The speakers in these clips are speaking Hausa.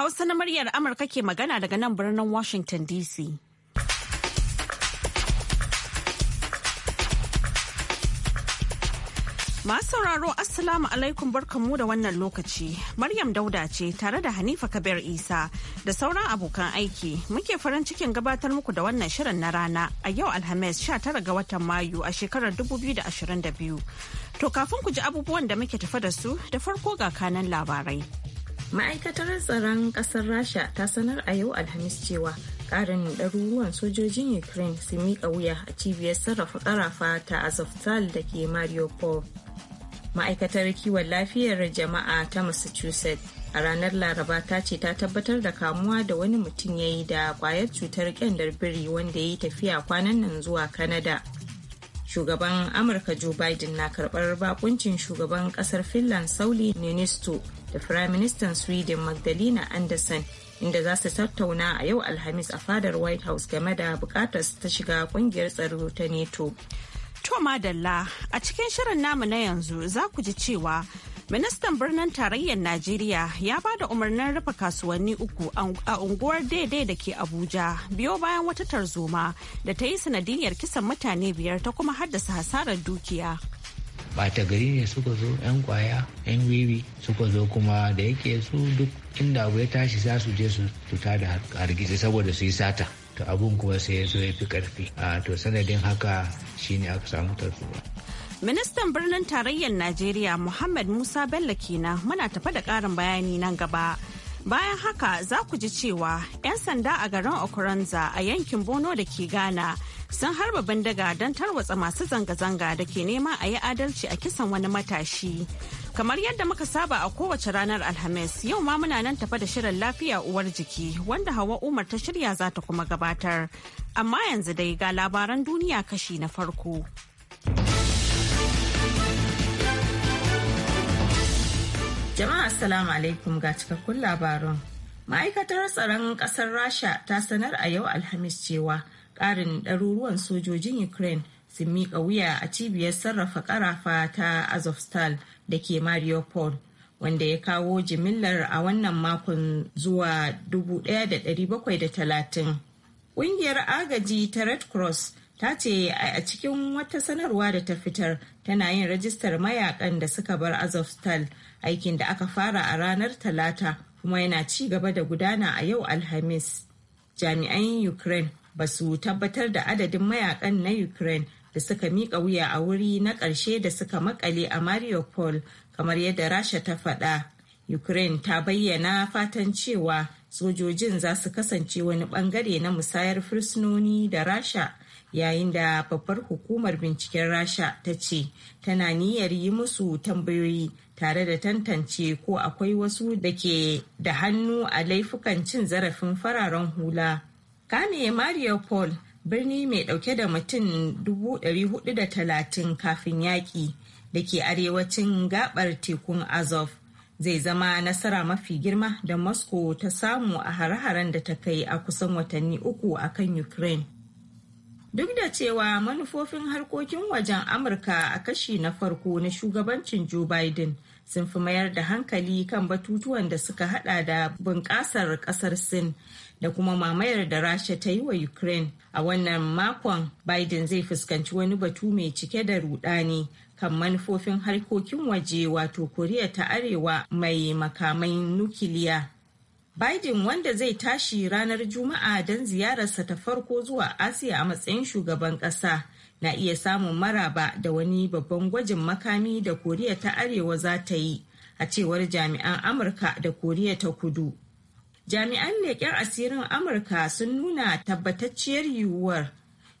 Hausa na muryar Amurka ke magana daga nan birnin Washington DC. Masu sauraro Assalamu alaikum barkanmu da wannan lokaci. Maryam Dauda ce tare da Hanifa Kabir Isa da sauran abokan aiki muke farin cikin gabatar muku da wannan shirin na rana a yau Alhamis 19 ga watan Mayu a shekarar 2022. To kafin ku ji abubuwan da muke tafa da su da farko ga kanan labarai. ma'aikatar tsaron kasar rasha ta sanar a yau alhamis cewa karin ɗaruruwan sojojin ukraine su miƙa wuya a cibiyar sarrafa ƙarafa ta azovstal da ke mariupol ma'aikatar kiwon lafiyar jama'a ta massachusetts a ranar laraba ta ce ta tabbatar da kamuwa da wani mutum ya yi da kwayar cutar kyandar biri wanda ya yi tafiya kwanan nan zuwa canada shugaban amurka joe biden na karbar bakuncin shugaban kasar finland sauli ninisto da firaministan sweden magdalena anderson inda za su tattauna a yau alhamis a fadar white house game da bukatar su ta shiga kungiyar tsaro ta neto to madalla a cikin shirin namu na yanzu za ku ji cewa ministan birnin tarayyar najeriya ya ba da umarnin rufe kasuwanni uku a unguwar daidai da ke abuja biyo bayan wata tarzoma da ta yi sanadiyar kisan mutane biyar ta kuma haddasa hasarar dukiya bata gari ne suka zo yan kwaya yan wiwi suka zo kuma da yake su duk inda abu ya tashi za su je su tuta da hargitsi saboda su yi sata to abun kuma sai ya zo ya fi karfi a to sanadin haka shine aka samu tarzuwa ministan birnin tarayyar najeriya muhammad musa bello kenan muna tafa da karin bayani nan gaba bayan haka za ku ji cewa 'yan sanda a garin okranza a yankin bono da ke ghana sun harba bindiga don tarwatsa masu zanga-zanga da ke nema a yi adalci a kisan wani matashi. Kamar yadda muka saba a kowace ranar Alhamis, yau ma muna nan tafa da shirin lafiya uwar jiki wanda Hawa Umar ta shirya za ta kuma gabatar. Amma yanzu dai ga labaran duniya kashi na farko. Jama'a Assalamu alaikum ga cikakkun labarun. Ma'aikatar tsaron ƙasar Rasha ta sanar a yau Alhamis cewa ƙarin ɗaruruwan sojojin ukraine sun miƙa wuya a cibiyar sarrafa karafa ta azovstal da ke mariupol wanda ya kawo jimillar a wannan makon zuwa 1,730 ƙungiyar agaji ta red cross ta ce a cikin wata sanarwa da ta fitar tana yin rajistar mayakan da suka bar azovstal aikin da aka fara a ranar talata kuma yana ci gaba da gudana a yau alhamis jami'an ukraine ba su tabbatar da adadin mayakan na ukraine da suka miƙa wuya a wuri na ƙarshe da suka makale a mariupol kamar yadda rasha ta faɗa ukraine ta bayyana fatan cewa sojojin za su kasance wani bangare na musayar fursunoni da rasha yayin da babbar hukumar binciken rasha ta ce tana niyyar yi musu tambayoyi tare da tantance ko akwai wasu da ke da hannu a laifukan cin zarafin fararen hula kame mariupol birni mai dauke da mutum 430 kafin yaƙi da ke arewacin gabar tekun azov zai zama nasara mafi girma da moscow ta samu a hare-haren da ta kai a kusan watanni uku a kan ukraine duk da cewa manufofin harkokin wajen amurka a kashi na farko na shugabancin joe biden sun fi mayar da hankali kan batutuwan da suka hada da bunƙasar ƙasar sin da kuma mamayar da rasha ta yi wa ukraine a wannan makon biden zai fuskanci wani batu mai cike da rudani kan manufofin harkokin waje wato koriya ta arewa mai makamai nukiliya Biden wanda zai tashi ranar Juma'a don ziyararsa ta farko zuwa Asiya a matsayin shugaban kasa na iya samun maraba da wani babban gwajin makami da Koriya ta Arewa za ta yi a cewar jami'an Amurka da Koriya ta Kudu. jami'an leƙen asirin amurka sun nuna tabbatacciyar yiwuwar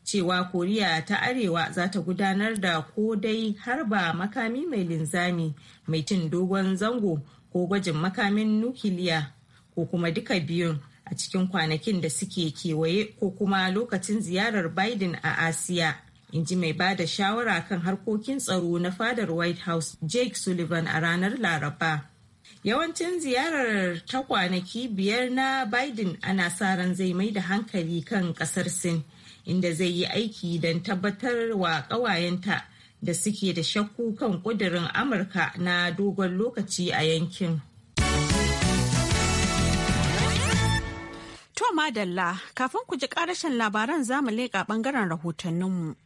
cewa koriya ta arewa za ta gudanar da ko dai harba makami mai linzami mai cin dogon zango ko gwajin makamin nukiliya ko kuma duka biyun a cikin kwanakin da suke kewaye ko kuma lokacin ziyarar biden a asiya in ji mai da shawara kan harkokin tsaro na fadar white house jake sullivan a ranar laraba Yawancin ziyarar ta kwanaki biyar na Biden ana sa ran zai mai da hankali kan kasar Sin, inda zai yi aiki don tabbatar wa ƙawayenta da suke da shakku kan ƙudurin Amurka na dogon lokaci a yankin. To madalla, kafin ku ji ƙarashin labaran zamu leƙa ɓangaren rahotanninmu.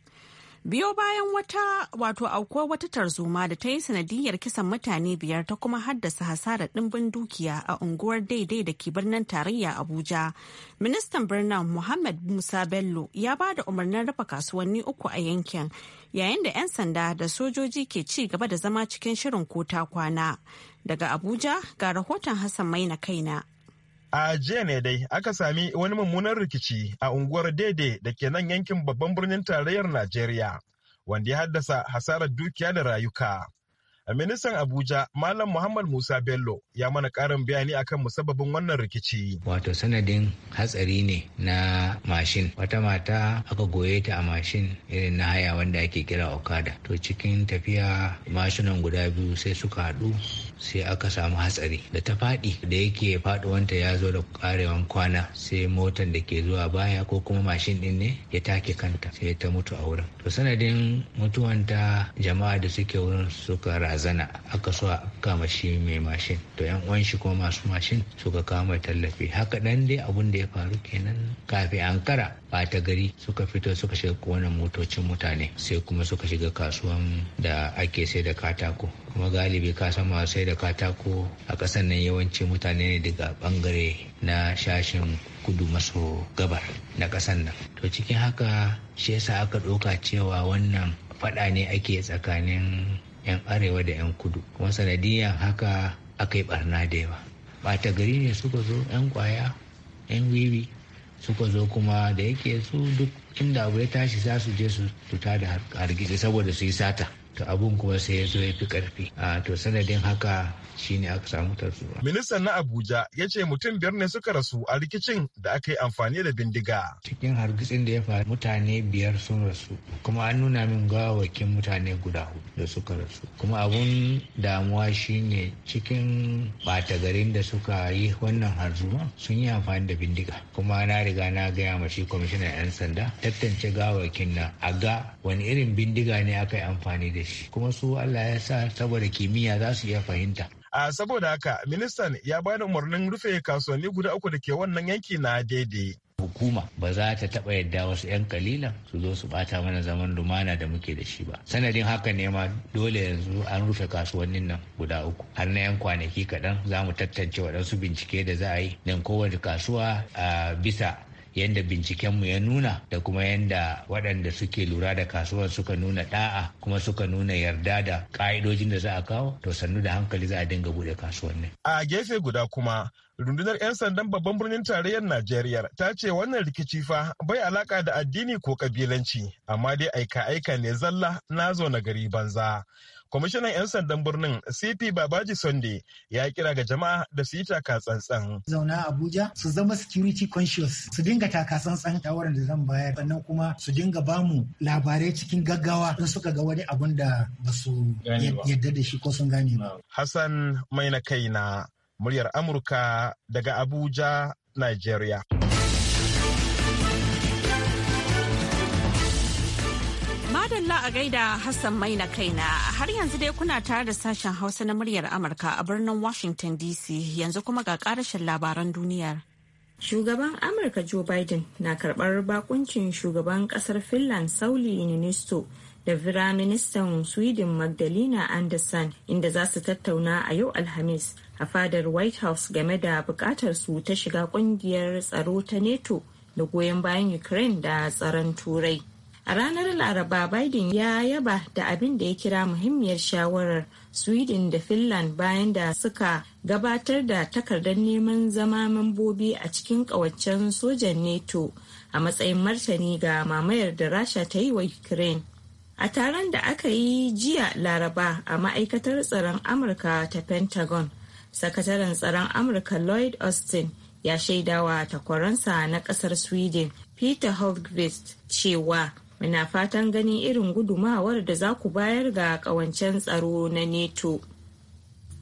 biyo bayan wata wato aukuwa wata tarzoma da ta yi sanadiyar kisan mutane biyar ta kuma haddasa hasarar ɗimbin dukiya a unguwar daidai da ke birnin tarayya abuja ministan birnin muhammad musa bello ya ba da umarnin rufe kasuwanni uku a yankin yayin da 'yan sanda da sojoji ke ci gaba da zama cikin shirin kota kwana daga abuja ga rahoton hassan maina kaina A jiya ne dai aka sami wani mummunan rikici a unguwar Dede da ke nan yankin babban birnin tarayyar Najeriya, wanda ya haddasa hasarar dukiya da rayuka. ministan abuja malam muhammad musa bello ya mana karin bayani akan musabbabin wannan rikici wato sanadin hatsari ne na mashin wata mata aka goye ta a mashin irin na haya wanda ake kira okada to cikin tafiya mashinan guda biyu sai suka haɗu sai aka samu hatsari da ta faɗi da yake faɗuwanta ya zo da ƙarewan kwana sai motan da ke zuwa baya ko kuma mashin din ne ya take kanta sai ta mutu a wurin to sanadin mutuwanta jama'a da suke wurin suka razana aka so a kama shi mai mashin to yan uwan shi kuma masu mashin suka kama tallafi haka ɗan dai abun da ya faru kenan kafin ankara ɓata gari suka fito suka shiga wannan motocin mutane sai kuma suka shiga kasuwan da ake sai da katako kuma galibi ka san masu sai da katako a ƙasar nan yawanci mutane ne daga ɓangare na shashin kudu maso gabar na ƙasar nan to cikin haka shi yasa aka ɗauka cewa wannan faɗa ne ake tsakanin 'yan arewa da 'yan kudu kuma sanadiyar haka aka yi barna da yawa ɓata gari ne suka zo 'yan kwaya 'yan wiwi suka zo kuma da yake su duk inda abu ya tashi za su je su tuta da hargitsi saboda su yi sata to abun kuma sai ya zo ya fi karfi a to sanadin haka shine aka samu tarzuma. ministan na abuja ya ce mutum biyar ne suka rasu a rikicin da aka yi amfani da bindiga cikin hargitsin da ya faru mutane biyar sun rasu kuma an nuna min gawawakin mutane guda hudu da suka rasu kuma abun damuwa shine cikin bata garin da suka yi wannan harzuma sun yi amfani da bindiga kuma na riga na gaya ma shi kwamishinan 'yan sanda tattance gawakin nan a ga wani irin bindiga ne aka yi amfani da shi kuma su Allah ya sa saboda kimiyya za su iya fahimta. A saboda haka ministan ya ba da umarnin rufe kasuwanni guda uku da ke wannan yanki na daidai. Hukuma ba za ta taɓa yadda wasu 'yan kalilan su zo su ɓata mana zaman lumana da muke da shi ba. Sanadin haka ne ma dole yanzu an rufe kasuwannin nan guda uku. Har na 'yan kwanaki kaɗan za mu tattance waɗansu bincike da za a yi don kowane kasuwa a bisa yadda bincikenmu ya nuna da kuma yadda waɗanda suke lura da kasuwar suka nuna ɗa'a kuma suka nuna yarda da ƙa'idojin da za a kawo to sannu da hankali za a dinga buɗe kasuwannin. A gefe guda kuma rundunar 'yan sandan babban birnin tarayyar Najeriya ta ce wannan rikici fa bai alaka da addini ko kabilanci amma dai aika aika ne zalla na zo na gari banza. kwamishinan 'yan sandan birnin cp babaji sunday ya kira ga jama'a da su yi taka tsantsan zauna abuja su zama security conscious su dinga taka tsantsan shawarar da zan bayar sannan kuma su dinga bamu labarai cikin gaggawa in suka ga wani abun da ba su yadda da shi ko sun gane ba hassan mai na kai na muryar amurka daga abuja nigeria Madalla a gaida Hassan mai na kaina har yanzu dai kuna tare da sashen Hausa na muryar Amurka a birnin Washington DC yanzu kuma ga karashin labaran duniyar. Shugaban Amurka Joe Biden na karbar bakuncin shugaban kasar Finland Sauli Niinisto da Firaministan Sweden Magdalena Anderson inda za su tattauna a yau Alhamis a fadar White House game da bukatar su ta shiga kungiyar tsaro ta NATO da goyon bayan Ukraine da tsaron Turai. A ranar Laraba Biden ya yaba da abin da ya kira muhimmiyar shawarar Sweden da Finland bayan da suka gabatar da takardar neman zama mambobi a cikin kawaccen sojan NATO a matsayin martani ga mamayar da Rasha ta yi wa Ukraine. A taron da aka yi jiya Laraba a ma'aikatar tsaron Amurka ta Pentagon, Sakataren tsaron Amurka Lloyd Austin ya shaidawa takwaransa na kasar Sweden Peter Holmqvist cewa Muna fatan ganin irin gudumawar da za ku bayar ga ƙawancen tsaro na NATO.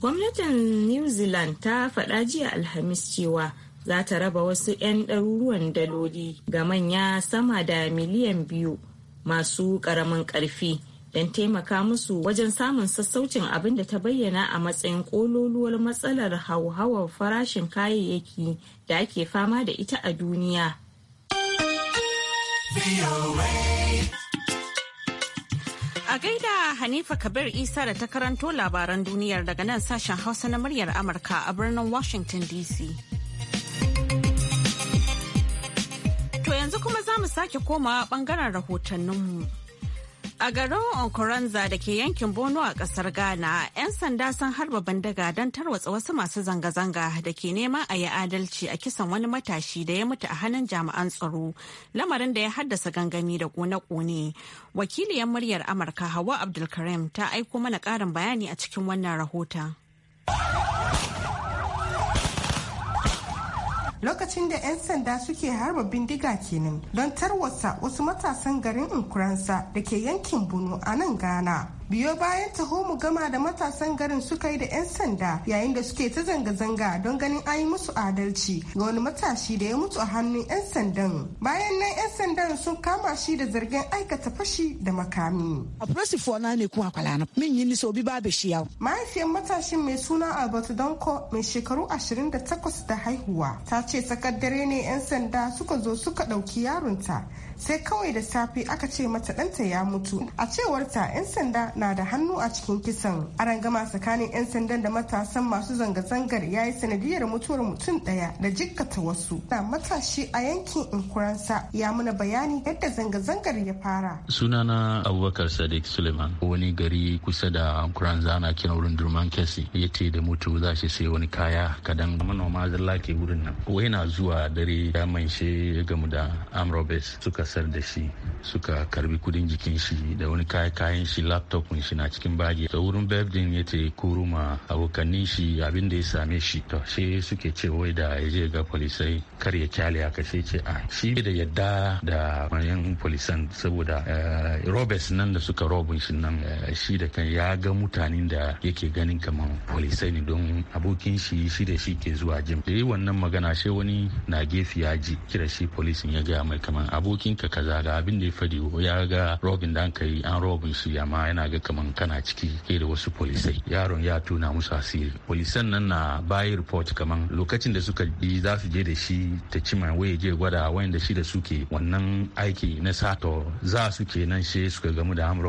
Gwamnatin New Zealand ta faɗa jiya Alhamis cewa za ta raba wasu 'yan ɗaruruwan daloli ga manya sama da miliyan biyu masu ƙaramin ƙarfi don taimaka musu wajen samun sassaucin abin da ta bayyana a matsayin ƙololuwar matsalar hauhawar farashin kayayyaki da ake fama da ita a duniya A gaida Hanifa Kabir Isa da ta karanto labaran duniyar daga nan sashen Hausa na muryar Amurka a birnin Washington DC. To yanzu kuma za mu sake koma bangaren rahotanninmu. A garin Onkoranza da ke yankin Bono a kasar Ghana, 'yan sanda sun harba bandaga don tarwatsa wasu masu zanga-zanga da ke neman a yi adalci a kisan wani matashi da ya mutu a hannun jami'an tsaro, lamarin da ya haddasa gangami da kone-kone. Wakiliyar muryar Amurka Hawa Abdulkarim ta aiko mana ƙarin bayani a cikin wannan rahoton. lokacin da 'yan sanda suke harba bindiga kenan don tarwatsa wasu matasan garin Nkuransa da ke yankin Bunu a nan Ghana. biyo bayan taho mu gama da matasan garin suka yi da 'yan sanda yayin da suke ta zanga-zanga don ganin an yi musu adalci ga wani matashi da ya mutu a hannun 'yan sandan bayan nan 'yan sandan sun kama shi da zargin aikata fashi da makami a na ne kuma min yi babu shi yau mahaifiyar matashin mai suna albert donko mai shekaru 28 da haihuwa ta ce tsakar dare ne 'yan sanda suka zo suka ɗauki yaronta sai kawai da safe aka ce mata ɗanta ya mutu a cewarta 'yan sanda na da hannu a cikin kisan arangama tsakanin 'yan sandan da matasan masu zanga-zangar ya yi sanadiyar mutuwar mutum ɗaya da jikkata wasu na matashi a yankin inkuransa ya muna bayani yadda zanga-zangar ya fara sunana abubakar sadiq suleiman wani gari kusa da inkuranza na kiran wurin durman kesi ya ce da mutu za shi sai wani kaya kadan manoma zalla ke wurin nan wai na zuwa dare ya manshe gamu da amrobes suka kasar da shi suka karbi kudin jikin shi da wani kayan shi laptop shi na cikin bagi da wurin bebdin ya ce kuruma abokannin shi abin da ya same shi to shi suke ce wai da ya je ga polisai kar ya kyale a kashe ce a ah, shi da yadda da manyan polisan saboda eh, robes nan da suka robin shi nan eh, shi da kan ya ga mutanen da yake ganin kamar polisai ne don abokin shi shi da shi ke zuwa jim da yi wannan magana shi wani na gefe ya ji kira shi polisin ya gaya mai kamar abokin ka kaza ga abin da ya fadi ya ga robin da anka yi an robin su ma yana ga kaman kana ciki ke da wasu polisai yaron ya tuna musu asiri polisan nan na bayi report kaman lokacin da suka bi za su je da shi ta cima waye je gwada wayanda shi da suke wannan aiki na sato za su nan she suka gamu da am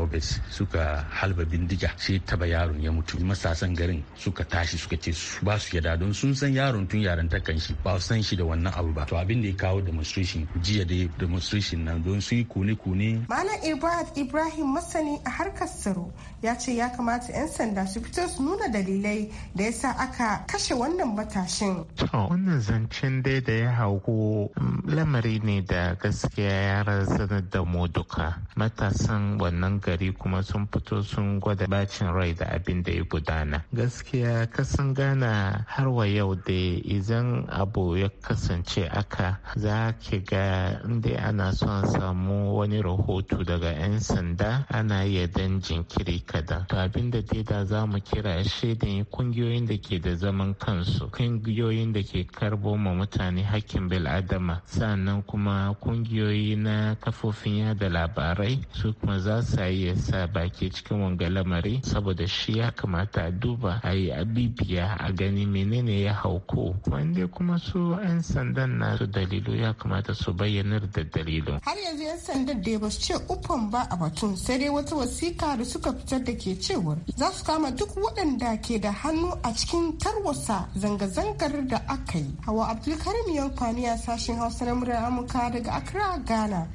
suka halba bindiga she taba yaron ya mutu masasan garin suka tashi suka ce su ba su yada don sun san yaron tun yaran takan shi ba san shi da wannan abu ba to abin da ya kawo demonstration jiya da demonstration nan don sun yi kone-kone. Malam Ibrahim Ibrahim masani a harkar tsaro ya ce ya kamata 'yan sanda su fito su nuna dalilai da yasa aka kashe wannan matashin. wannan zancen dai da ya hauku mm, lamari ne da gaskiya ya razanar da mu duka matasan wannan gari kuma sun fito sun gwada bacin rai da abin da ya gudana gaskiya kasan gana har wa yau da idan abu ya kasance aka za ki ga inda ana son samu wani rahoto daga 'yan sanda ana iya dan jinkiri kada to abin da ta da za mu kira shaidin kungiyoyin da ke da zaman kansu kungiyoyin da ke karbo ma mutane hakkin bil'adama sannan kuma kungiyoyi na kafofin yada labarai su kuma za su iya sa baki cikin wanga lamari saboda shi ya kamata a duba a yi abibiya a gani menene ya hauko wanda kuma su 'yan sandan na su dalilu ya kamata su bayyanar da dalilu har yanzu 'yan sandan da ba su ce uffan ba a batun sai dai wata wasika da suka fitar da ke cewar za su kama duk waɗanda ke da hannu a cikin tarwasa zanga-zangar da aka yi. Hawa Abdulkarim Yankwani a sashen Hausa na murar Amurka daga Accra, Ghana.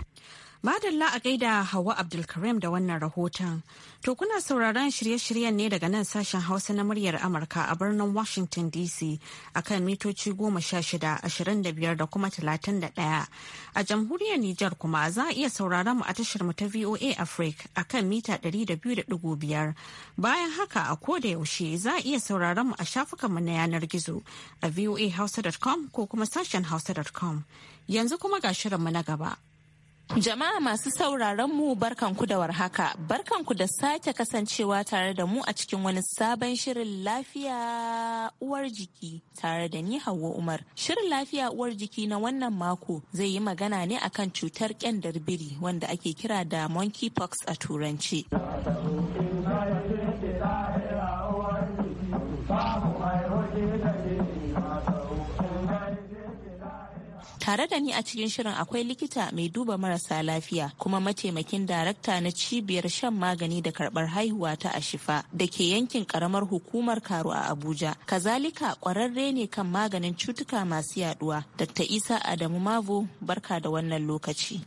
Madalla a gaida Hawa Abdulkarim da wannan rahoton. To kuna sauraron shirye-shiryen ne daga nan sashen Hausa na muryar Amurka a birnin Washington DC kan mitoci goma sha shida, ashirin da biyar da kuma talatin da ɗaya. A jamhuriyar Nijar kuma za a iya sauraron mu a tashar mu ta VOA Africa a kan mita ɗari da biyu da ɗigo biyar. Bayan haka a koda yaushe za a iya sauraron mu a shafukan mu na yanar gizo a voahausa.com ko kuma sashen hausa.com. Yanzu kuma ga shirinmu na gaba. Jama'a masu sauraron mu barkanku da warhaka, barkanku da sake kasancewa tare da mu a cikin wani sabon shirin lafiya uwar jiki tare da ni Hauwa Umar. Shirin lafiya uwar jiki na wannan mako zai yi magana ne akan cutar kyandar biri wanda ake kira da monkeypox a turanci. Tare da ni a cikin shirin akwai likita mai duba marasa lafiya kuma mataimakin darakta na cibiyar shan magani da karbar haihuwa ta Ashifa da ke yankin karamar hukumar Karo a Abuja. Kazalika kwararre ne kan maganin cutuka masu yaduwa. Dr. Isa Adamu Mavo barka da wannan lokaci.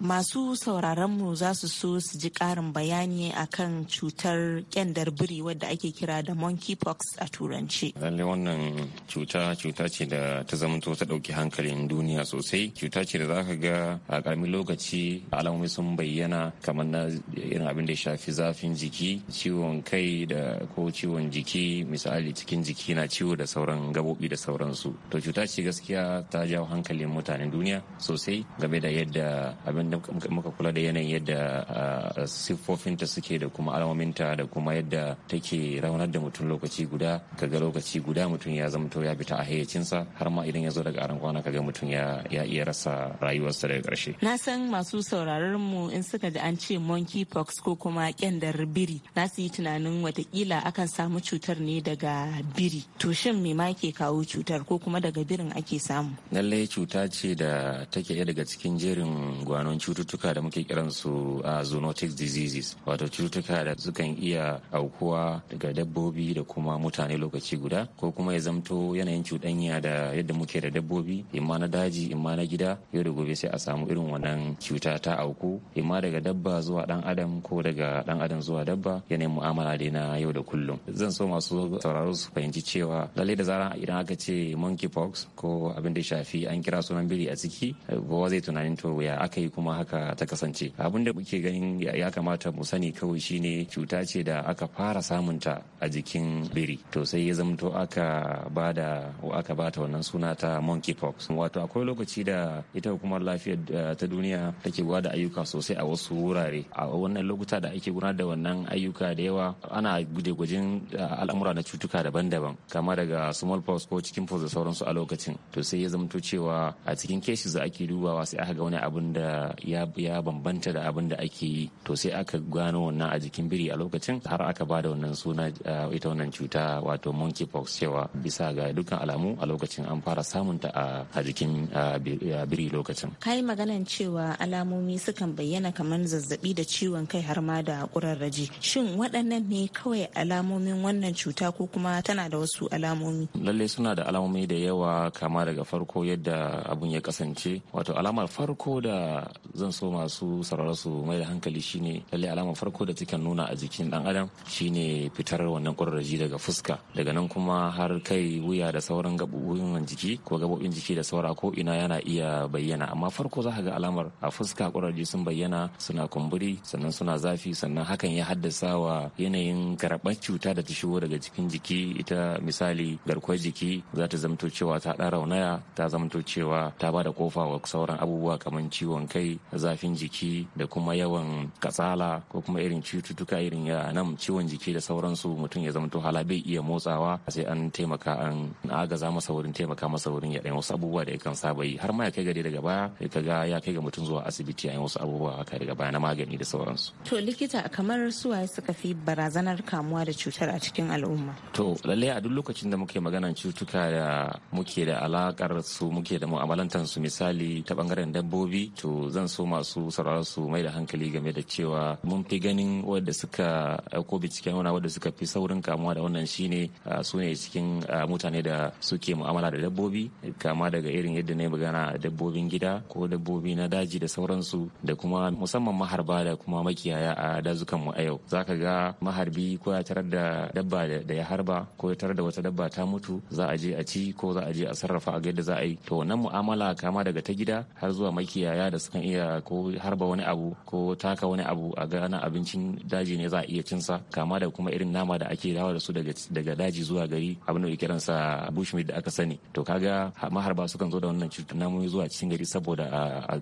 Masu sauraron mu za su so su ji karin bayani akan cutar kyandar biri wadda ake kira da monkeypox a turanci. wannan cuta cuta ce da ta ta dauki hankalin duniya sosai cuta ce da ka ga a karamin lokaci alamomi sun bayyana kamar na irin abin da shafi zafin jiki ciwon kai da ko ciwon jiki misali cikin jiki na ciwo da sauran gabobi da sauransu to cuta ce gaskiya ta jawo hankalin mutanen duniya sosai game da yadda abin da muka kula da yanayin yadda siffofinta suke da kuma alamominta da kuma yadda take raunar da mutum lokaci guda kaga lokaci guda mutum ya zama to ya fita a hayyacinsa har ma idan ya zo daga aron kwana kaga mutum ya iya rasa rayuwarsa daga karshe na san masu sauraron mu in suka ji an ce monkey pox ko kuma kyandar biri na su yi tunanin watakila akan samu cutar ne daga biri to shin me ma ke kawo cutar ko kuma daga birin ake samu lallai cuta ce da take ɗaya daga cikin jerin gwanon cututtuka da muke kiran su a zoonotic diseases wato cututtuka da sukan iya aukuwa daga dabbobi da kuma mutane lokaci guda ko kuma ya zamto yanayin cuɗanya da yadda muke da dabbobi dabbobi imma na daji imma na gida yau da gobe sai a samu irin wannan cuta ta auku imma daga dabba zuwa dan adam ko daga dan adam zuwa dabba yanayin mu'amala dai na yau da kullum zan so masu sauraro su fahimci cewa lallai da zaran idan aka ce pox ko abin da shafi an kira sunan biri a ciki ba zai tunanin to ya aka yi kuma haka ta kasance abin da muke ganin ya kamata mu sani kawai shine cuta ce da aka fara samunta a jikin biri to sai ya zamto aka bada aka bata wannan suna ta monkey monkeypox wato akwai lokaci da ita hukumar lafiyar eh, ta duniya take gwada ayyuka sosai a wasu wurare a wannan lokuta da ake gudanar da wannan ayyuka da yawa ana gwaje-gwajen eh, al'amura na cutuka daban-daban kama daga smallpox ko cikin da sauransu a lokacin to sai ya zamto cewa a cikin cases da ake dubawa sai aka ga wani abin da ya bambanta da abin da ake yi to sai aka gano wannan a jikin biri a lokacin har aka ba da wannan suna eh, ita wannan cuta wato monkeypox cewa bisa ga dukkan alamu a lokacin an fara samunta a a jikin biri lokacin ka yi maganan cewa alamomi sukan bayyana kamar zazzabi da ciwon kai har ma da kurarraji shin waɗannan ne kawai alamomin wannan cuta ko kuma tana da wasu alamomi Lalle suna da alamomi da yawa kama daga farko yadda abun ya kasance wato alamar farko da zan so masu sauraro su mai da hankali shine lalle alamar farko da take nuna a jikin ɗan adam shine fitar wannan ƙurarraji daga fuska daga nan kuma har kai wuya da sauran gaɓoɓin jiki ko gaɓoɓin jiki da saura ko ina yana iya bayyana amma farko za ka ga alamar a fuska kuraje sun bayyana suna kumburi sannan suna zafi sannan hakan ya haddasa wa yanayin karɓar cuta da ta shigo daga cikin jiki ita misali garkuwar jiki za ta zamto cewa ta ɗan raunaya ta zamto cewa ta ba da kofa wa sauran abubuwa kamar ciwon kai zafin jiki da kuma yawan katsala ko kuma irin cututtuka irin ya nan ciwon jiki da sauransu mutum ya zamto hala bai iya motsawa sai an taimaka an agaza masa wurin taimaka masa wurin ya ɗan wasu abubuwa da yakan saba yi har ma ya kai gari daga baya ya kaga ya kai ga mutum zuwa asibiti yayin wasu abubuwa haka daga baya na magani da sauransu to likita kamar suwaye suka fi barazanar kamuwa da cutar a cikin al'umma to lallai a duk lokacin da muke maganan cutuka da muke da alakar su muke da mu'amalantar su misali ta bangaren dabbobi to zan so masu sauraron su mai da hankali game da cewa mun fi ganin wadda suka ko binciken wani wadda suka fi saurin kamuwa da wannan shine ah, su ne cikin ah, mutane da suke mu'amala da dabbobi kama daga irin yadda na yi magana dabbobin gida ko dabbobi na daji da sauransu da kuma musamman maharba da kuma makiyaya a dazukan mu a yau za ka ga maharbi ko ya tarar da dabba da ya harba ko ya tarar da wata dabba ta mutu za a je a ci ko za a je a sarrafa a ga yadda za a yi to wannan mu'amala kama daga ta gida har zuwa makiyaya da sukan iya ko harba wani abu ko taka wani abu a ga na abincin daji ne za a iya cin kama da kuma irin nama da ake dawo da su daga daji zuwa gari abin da kiransa bushmeat da aka sani to kaga harba sukan zo da wannan cutar namomi zuwa cikin gari saboda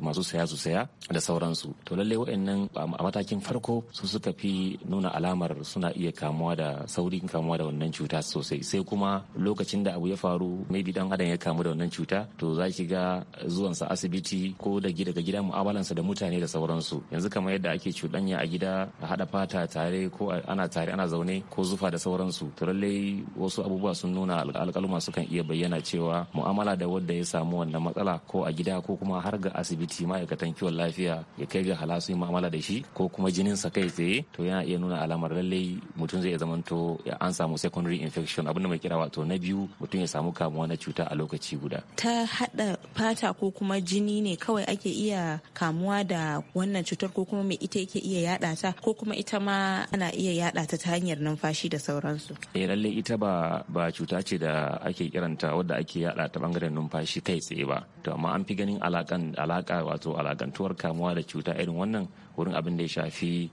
masu saya su saya da sauransu to lallai waɗannan a matakin farko su suka fi nuna alamar suna iya kamuwa da saurin kamuwa da wannan cuta sosai sai kuma lokacin da abu ya faru maybe dan adam ya kamu da wannan cuta to za ki ga zuwan sa asibiti ko da daga gida mu'amalansa da mutane da sauransu yanzu kamar yadda ake cuɗanya a gida a haɗa fata tare ko ana tare ana zaune ko zufa da sauransu to lallai wasu abubuwa sun nuna alƙaluma sukan iya bayyana cewa mu'amala da wanda ya samu wannan matsala ko a gida ko kuma har ga asibiti ma'aikatan kiwon lafiya ya kai ga halasu ma'amala da shi ko kuma jinin sa kai tsaye to yana iya nuna alamar lallai mutum zai zamanto an samu secondary infection abinda mai kira wato na biyu mutum ya samu kamuwa na cuta a lokaci guda ta hada fata ko kuma jini ne kawai ake iya kamuwa da wannan cutar ko kuma mai ita yake iya yada ta ko kuma ita ma ana iya yada ta ta hanyar numfashi da sauransu eh lallai ita ba cuta ce da ake kiranta wadda ake yada ta bangaren numfashi kai tsaye ba to amma an fi ganin alaka wato alakantuwar kamuwa da cuta irin wannan wurin abin da ya shafi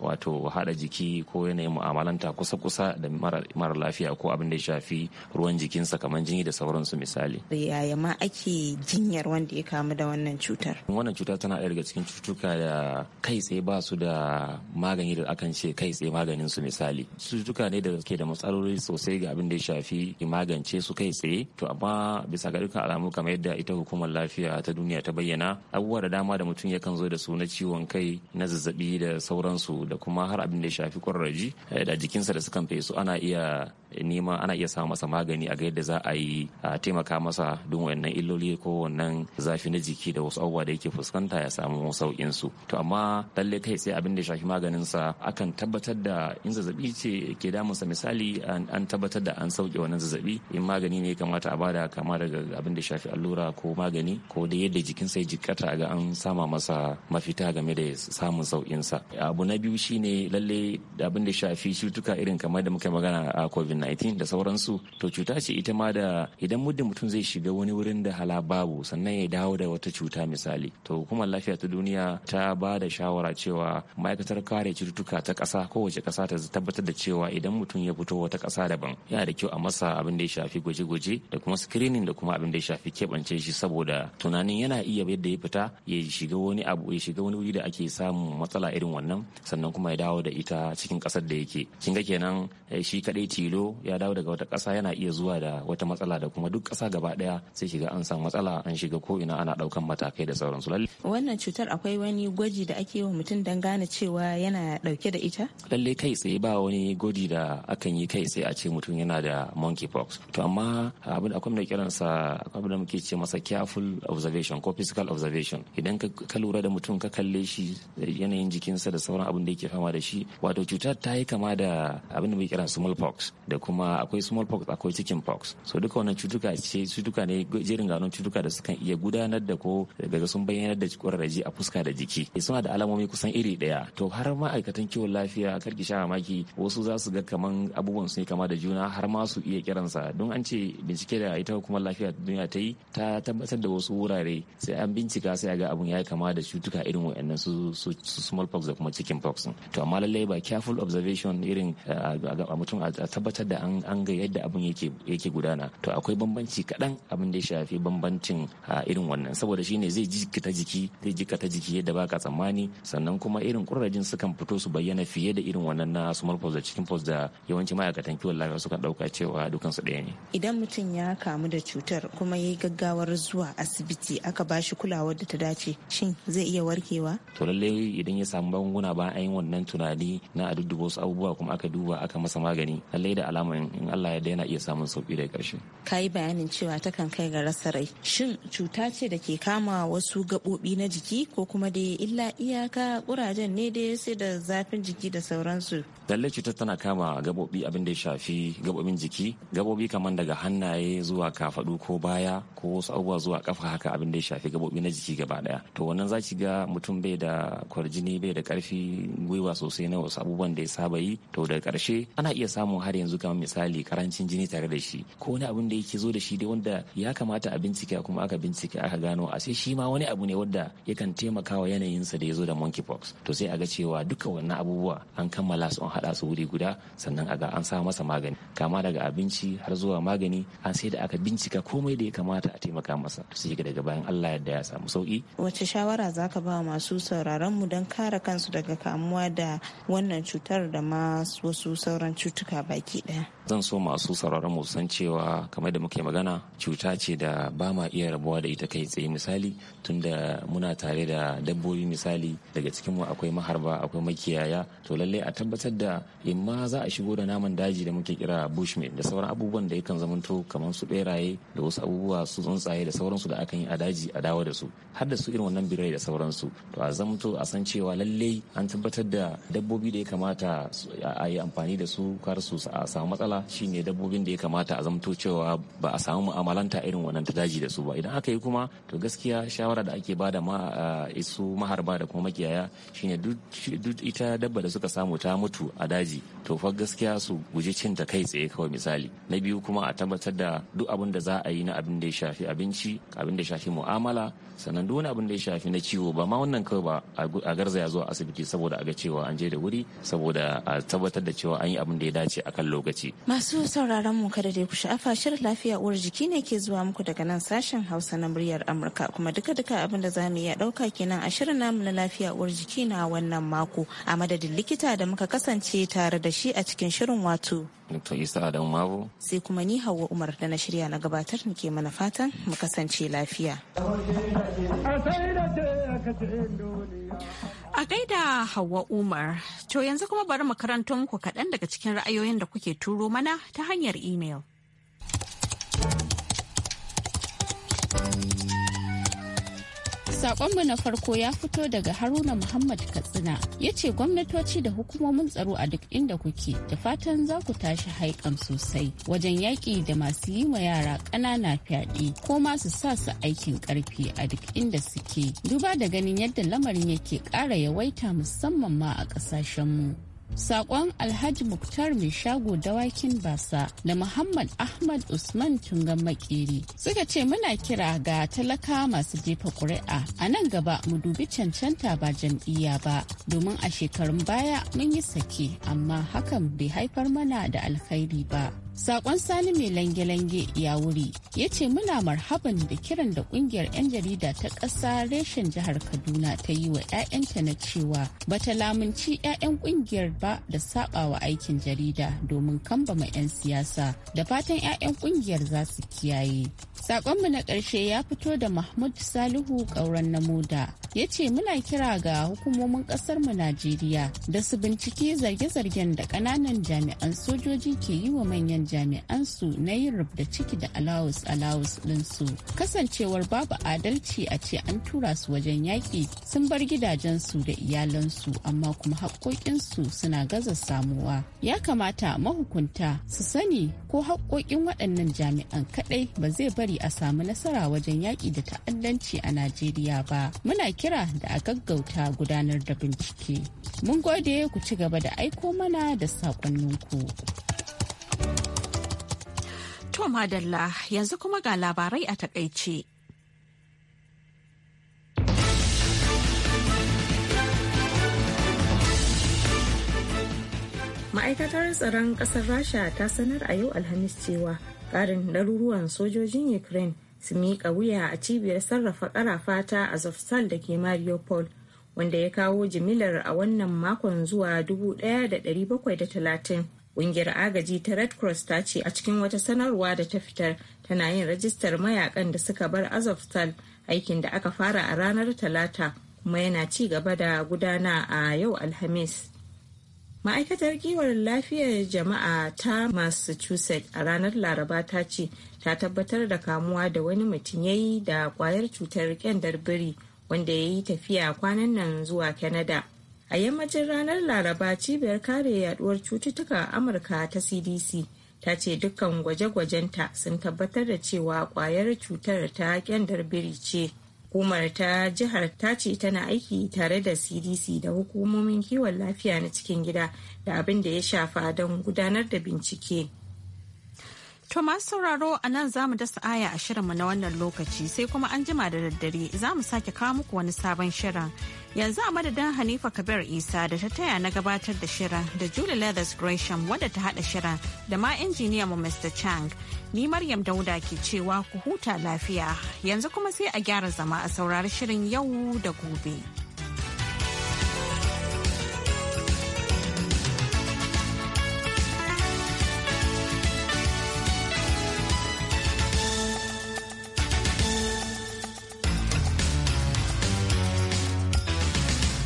wato hada jiki ko yanayin mu'amalanta kusa-kusa da mara lafiya ko abin da ya shafi ruwan jikinsa kamar jini da sauransu misali. Yaya ma ake jinyar wanda ya kamu da wannan cutar? Wannan cuta tana ɗaya daga cikin cututtuka da kai tsaye ba su da magani da akan ce kai tsaye maganin su misali. Cututtuka ne da ke da matsaloli sosai ga abin da ya shafi magance su kai tsaye to amma bisa ga dukkan alamu kamar yadda ita hukumar lafiya ta duniya ta bayyana abubuwa da dama da mutum yakan zo da su na ciwon kai kai na zazzabi da sauransu da kuma har abin da ya shafi kwararraji eh, da jikinsa da sukan fesu ana iya nema ana iya samu masa magani a ga yadda za a yi a taimaka masa don wannan illoli ko wannan zafi na jiki da wasu abubuwa da yake fuskanta ya samu saukin su to amma lalle kai sai abin da shafi maganin sa akan tabbatar da in zazzabi ce ke damun sa misali an tabbatar da an sauke wannan zazzabi in magani ne kamata a bada kama daga abin da shafi allura ko magani ko da yadda jikin sai jikata ga an sama masa mafita game da samun sauƙin sa abu na biyu shine lalle abin da shafi cutuka irin kamar da muka magana a covid 19 da sauransu to cuta ce ita ma da idan muddin mutum zai shiga wani wurin da hala babu sannan ya dawo da wata cuta misali to hukumar lafiya ta duniya ta ba da shawara cewa ma'aikatar kare cututtuka ta ƙasa kowace ƙasa ta tabbatar da cewa idan mutum ya fito wata ƙasa daban yana da kyau a masa abin da ya shafi gwaje-gwaje da kuma screening da kuma abin da ya shafi keɓance shi saboda tunanin yana iya yadda ya fita ya shiga wani abu ya shiga wani wuri da ake samun matsala irin wannan sannan kuma ya dawo da ita cikin ƙasar da yake kin ga kenan eh, shi kaɗai tilo ya dawo daga wata kasa yana iya zuwa da wata matsala da kuma duk ƙasa gaba ɗaya sai shiga an san matsala an shiga ko ina ana ɗaukan matakai da sauransu. Wannan cutar akwai wani gwaji da ake yi wa mutum don gane cewa yana dauke da ita? Lallai kai tsaye ba wani gwaji da akan yi kai tsaye a ce mutum yana da monkeypox. To amma abin da akwai da kiransa akwai da muke ce masa careful observation ko physical observation. Idan ka lura da mutum ka kalle shi yanayin jikinsa da sauran abin da yake fama da shi wato cutar ta yi kama da abin da muke kiran smallpox da kuma akwai smallpox akwai chickenpox so duka wannan cutuka ce cutuka ne jerin ganon cutuka da sukan iya gudanar da ko daga sun bayyanar da kwararraji a fuska da jiki eh, suna da alamomi kusan iri daya to har ma'aikatan kiwon lafiya karki sha mamaki wasu za su ga kaman abubuwan su ne kama da juna har ma su iya kiransa don an ce bincike da ita kuma lafiya duniya ta yi ta tabbatar da wasu wurare sai an bincika sai a ga abun ya kama da cutuka irin waannan su smallpox da kuma chickenpox to amma lallai ba careful observation irin eh, a mutum a tabbatar yadda an ga yadda abin yake gudana to akwai bambanci kaɗan abin da ya shafi bambancin a irin wannan saboda shine zai jikita jiki zai jikata jiki yadda baka tsammani sannan kuma irin kurajin sukan fito su bayyana fiye da irin wannan na small pox da chicken pox da yawanci ma'aikatan kiwon lafiya suka ɗauka cewa dukansu ɗaya ne. Idan mutum ya kamu da cutar kuma ya yi gaggawar zuwa asibiti aka ba shi kulawar da ta dace shin zai iya warkewa? To lallai idan ya samu magunguna bayan a yi wannan tunani na a dudduba wasu abubuwa kuma aka duba aka masa magani lallai da alama samun in Allah ya daina iya samun sauki da ƙarshe. Ka yi bayanin cewa ta kan kai ga rasa rai. Shin cuta ce da ke kama wasu gaɓoɓi na jiki ko kuma dai illa iyaka ƙurajen ne dai sai da zafin jiki da sauransu. Lalle cutar tana kama gaɓoɓi abin da ya shafi gaɓoɓin jiki, gaɓoɓi kamar daga hannaye zuwa kafaɗu ko baya ko wasu abubuwa zuwa ƙafa haka abin da ya shafi gaɓoɓi na jiki gaba ɗaya. To wannan za ki ga mutum bai da kwarjini bai da ƙarfi gwiwa sosai na wasu abubuwan da ya saba yi. To da ƙarshe ana iya samun har yanzu kamar misali karancin jini tare da shi ko wani abin da yake zo da shi dai wanda ya kamata a bincika kuma aka bincika aka gano a sai shi ma wani abu ne wanda yakan taimaka wa sa da ya zo da monkeypox to sai a ga cewa duka wannan abubuwa an kammala su an haɗa su wuri guda sannan a ga an sa masa magani kama daga abinci har zuwa magani an sai da aka bincika komai da ya kamata a taimaka masa to sai daga bayan Allah yadda ya samu sauki wace shawara zaka ba masu sauraron mu don kare kansu daga kamuwa da wannan cutar da ma wasu sauran cutuka baki ɗaya Yeah. zan so masu sauraron san cewa kamar da muke magana cuta ce da ba ma iya rabuwa da ita kai tsaye misali tunda muna tare da dabbobi misali daga cikin mu akwai maharba akwai makiyaya to lalle a tabbatar da in ma za a shigo da naman daji da muke kira bushmeat da sauran abubuwan da yakan zamanto kamar su beraye da wasu abubuwa su tsuntsaye da sauransu da akan yi a daji a dawo da su har da su irin wannan birai da sauransu to a zamanto a san cewa lallai an tabbatar da dabbobi da ya kamata a yi amfani da su kar su a samu matsala matsala ne dabbobin da ya kamata a zamto cewa ba a samu mu'amalanta irin wannan ta daji da su ba idan aka yi kuma to gaskiya shawara da ake bada ma isu eh, maharba da kuma makiyaya shi ne duk ita dabba da suka samu ta mutu a daji to fa gaskiya su guji cin ta kai tsaye kawai misali na biyu kuma a tabbatar da duk abin da za a yi na abin da ya shafi abinci abin da ya shafi mu'amala sannan duk wani abin da ya shafi na ciwo ba ma wannan kawai ba a garzaya zuwa asibiti saboda a ga cewa an je da wuri saboda a tabbatar da cewa an yi abin da ya dace akan lokaci Masu sauraron mu kada dai ku sha'afa shirin lafiya uwar jiki ne ke zuwa muku daga nan sashen Hausa na muryar Amurka kuma duka duka abin da za mu iya dauka kenan a shirin namu na lafiya uwar jiki na wannan mako a madadin likita da muka kasance tare da shi a cikin shirin wato. Dr. Isa Adamu Mabu. Sai kuma ni Hauwa Umar da na shirya na gabatar ke mana fatan mu kasance lafiya. A gaida Hauwa Umar, to yanzu kuma bari makarantar muku kaɗan daga cikin ra'ayoyin da kuke turo mana ta hanyar email Sakonmu na farko ya fito daga Haruna Muhammad Katsina ya ce gwamnatoci da hukumomin tsaro a duk inda kuke da fatan za ku tashi haikan sosai wajen yaƙi da masu yi wa yara ƙanana fyaɗe ko masu sa su aikin ƙarfi a duk inda suke. Duba da ganin yadda lamarin yake ƙara yawaita musamman ma a ƙasashenmu. saƙon Alhaji Muktar mai shago dawakin basa da Muhammad Ahmad Usman Tungan Makeri suka ce muna kira ga talaka masu jefa ƙuri'a a nan gaba mu dubi cancanta ba jam'iyya ba domin a shekarun baya mun yi sake amma hakan bai haifar mana da alkhairi ba. Sakon Sani mai lange-lange ya wuri ya ce muna marhaban da kiran da kungiyar 'yan jarida ta ƙasa reshen jihar Kaduna ta yi wa 'ya'yanta na cewa ba ta lamunci 'ya'yan kungiyar ba da sabawa aikin jarida domin kambama 'yan siyasa da fatan 'ya'yan kungiyar za su kiyaye. Sakonmu na ƙarshe ya fito da Mahmud Salihu ƙauren namoda ya ce muna kira ga hukumomin ƙasarmu Najeriya da su binciki zarge-zargen da ƙananan jami'an sojoji ke yi wa manyan jami'an jami'ansu na yin da ciki da alawus alawus ɗinsu kasancewar babu adalci a ce an tura su wajen yaƙi sun bar gidajensu da iyalansu amma kuma haƙoƙinsu suna gaza samuwa ya kamata mahukunta su sani ko haƙoƙin waɗannan jami'an kaɗai ba zai bari a samu nasara wajen yaƙi da ta'addanci a najeriya ba muna kira da a gaggauta gudanar da bincike mun gode ku ci gaba da aiko mana da saƙonninku. To madalla yanzu kuma ga labarai a takaice. Ma'aikatar tsaron ƙasar Rasha ta sanar a yau Alhamis cewa ƙarin ɗaruruwan sojojin Ukraine su miƙa wuya a cibiyar sarrafa ƙarafa a Azovstal da ke Mariupol, wanda ya kawo jimilar a wannan makon zuwa 1,730. Ƙungiyar agaji ta Red Cross ta ce a cikin wata sanarwa da ta fitar tana yin rajistar mayakan da suka bar Azovstal aikin da aka fara a ranar Talata kuma yana ci gaba da gudana a yau Alhamis. Ma'aikatar kiwon lafiyar jama'a ta Massachusetts a ranar Laraba ta ce ta tabbatar da kamuwa da wani mutum ya yi da kwayar cutar kyandar biri wanda ya yi tafiya kwanan nan zuwa Canada. a yammacin ranar laraba cibiyar kare yaduwar cututtuka a amurka ta cdc ta ce dukkan gwaje-gwajenta sun tabbatar da cewa kwayar cutar ta kyandar biri ce hukumar ta jihar ta ce tana aiki tare da cdc da hukumomin kiwon lafiya na cikin gida da abin da ya shafa don gudanar da bincike To masu sauraro a nan za mu dasa aya a shirinmu na wannan lokaci sai kuma an jima da daddare za mu sake kawo muku wani sabon shirin. yanzu a madadin hanifa kabir isa da ta taya na gabatar da shirin da julie leathers gresham wadda ta haɗa shirin da ma injiniya mu mr chang ni maryam dauda ke cewa ku huta lafiya yanzu kuma sai a gyara zama a saurari shirin yau da gobe.